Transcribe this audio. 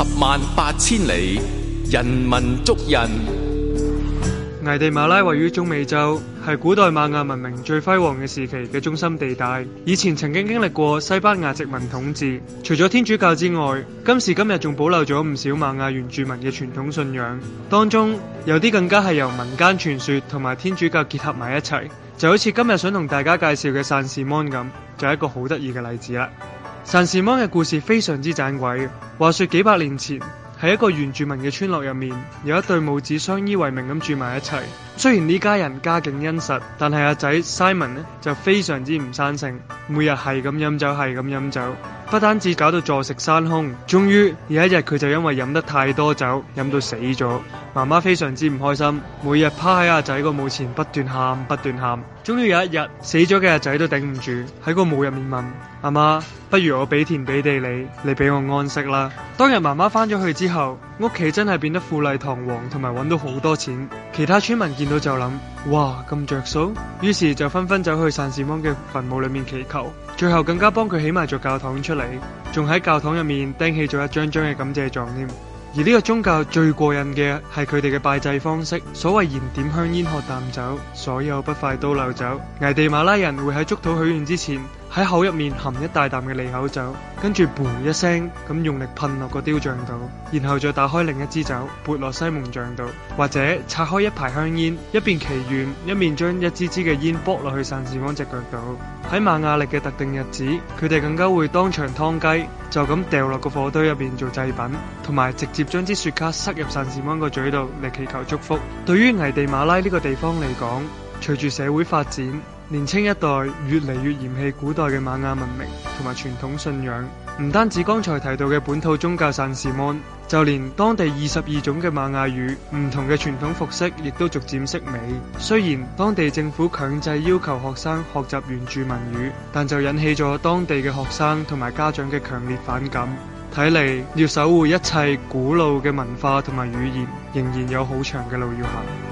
十萬八千里，人文足印。危地馬拉位於中美洲，係古代瑪雅文明最輝煌嘅時期嘅中心地帶。以前曾經經歷過西班牙殖民統治，除咗天主教之外，今時今日仲保留咗唔少瑪雅原住民嘅傳統信仰。當中有啲更加係由民間傳說同埋天主教結合埋一齊，就好似今日想同大家介紹嘅《散士芒》咁，就係、是、一個好得意嘅例子啦。San Simon 嘅故事非常之盞鬼嘅。話說幾百年前，喺一個原住民嘅村落入面，有一對母子相依為命咁住埋一齊。雖然呢家人家境殷實，但係阿仔 Simon 呢就非常之唔生性，每日係咁飲酒，係咁飲酒。不單止搞到坐食山空，終於有一日佢就因為飲得太多酒，飲到死咗。媽媽非常之唔開心，每日趴喺阿仔個墓前不斷喊，不斷喊。終於有一日死咗嘅阿仔都頂唔住，喺個墓入面問阿媽：不如我俾田俾地你，你俾我安息啦。當日媽媽返咗去之後。屋企真係變得富麗堂皇，同埋揾到好多錢。其他村民見到就諗：哇，咁着數！於是就紛紛走去散士芒嘅墳墓裏面祈求。最後更加幫佢起埋座教堂出嚟，仲喺教堂入面釘起咗一張張嘅感謝狀。添而呢個宗教最過癮嘅係佢哋嘅拜祭方式，所謂燃點香煙、喝啖酒，所有不快都流走。危地馬拉人會喺祝禱許願之前。喺口入面含一大啖嘅利口酒，跟住噗一聲咁用力噴落個雕像度，然後再打開另一支酒潑落西蒙像度，或者拆開一排香煙，一邊祈願，一面將一支支嘅煙剝落去散士翁隻腳度。喺瑪雅曆嘅特定日子，佢哋更加會當場劏雞，就咁掉落個火堆入邊做祭品，同埋直接將支雪茄塞入散士翁個嘴度嚟祈求祝福。對於危地馬拉呢個地方嚟講，隨住社會發展。年青一代越嚟越嫌棄古代嘅瑪雅文明同埋傳統信仰，唔單止剛才提到嘅本土宗教聖西蒙，就連當地二十二種嘅瑪雅語、唔同嘅傳統服飾，亦都逐漸式微。雖然當地政府強制要求學生學習原住民語，但就引起咗當地嘅學生同埋家長嘅強烈反感。睇嚟要守護一切古老嘅文化同埋語言，仍然有好長嘅路要行。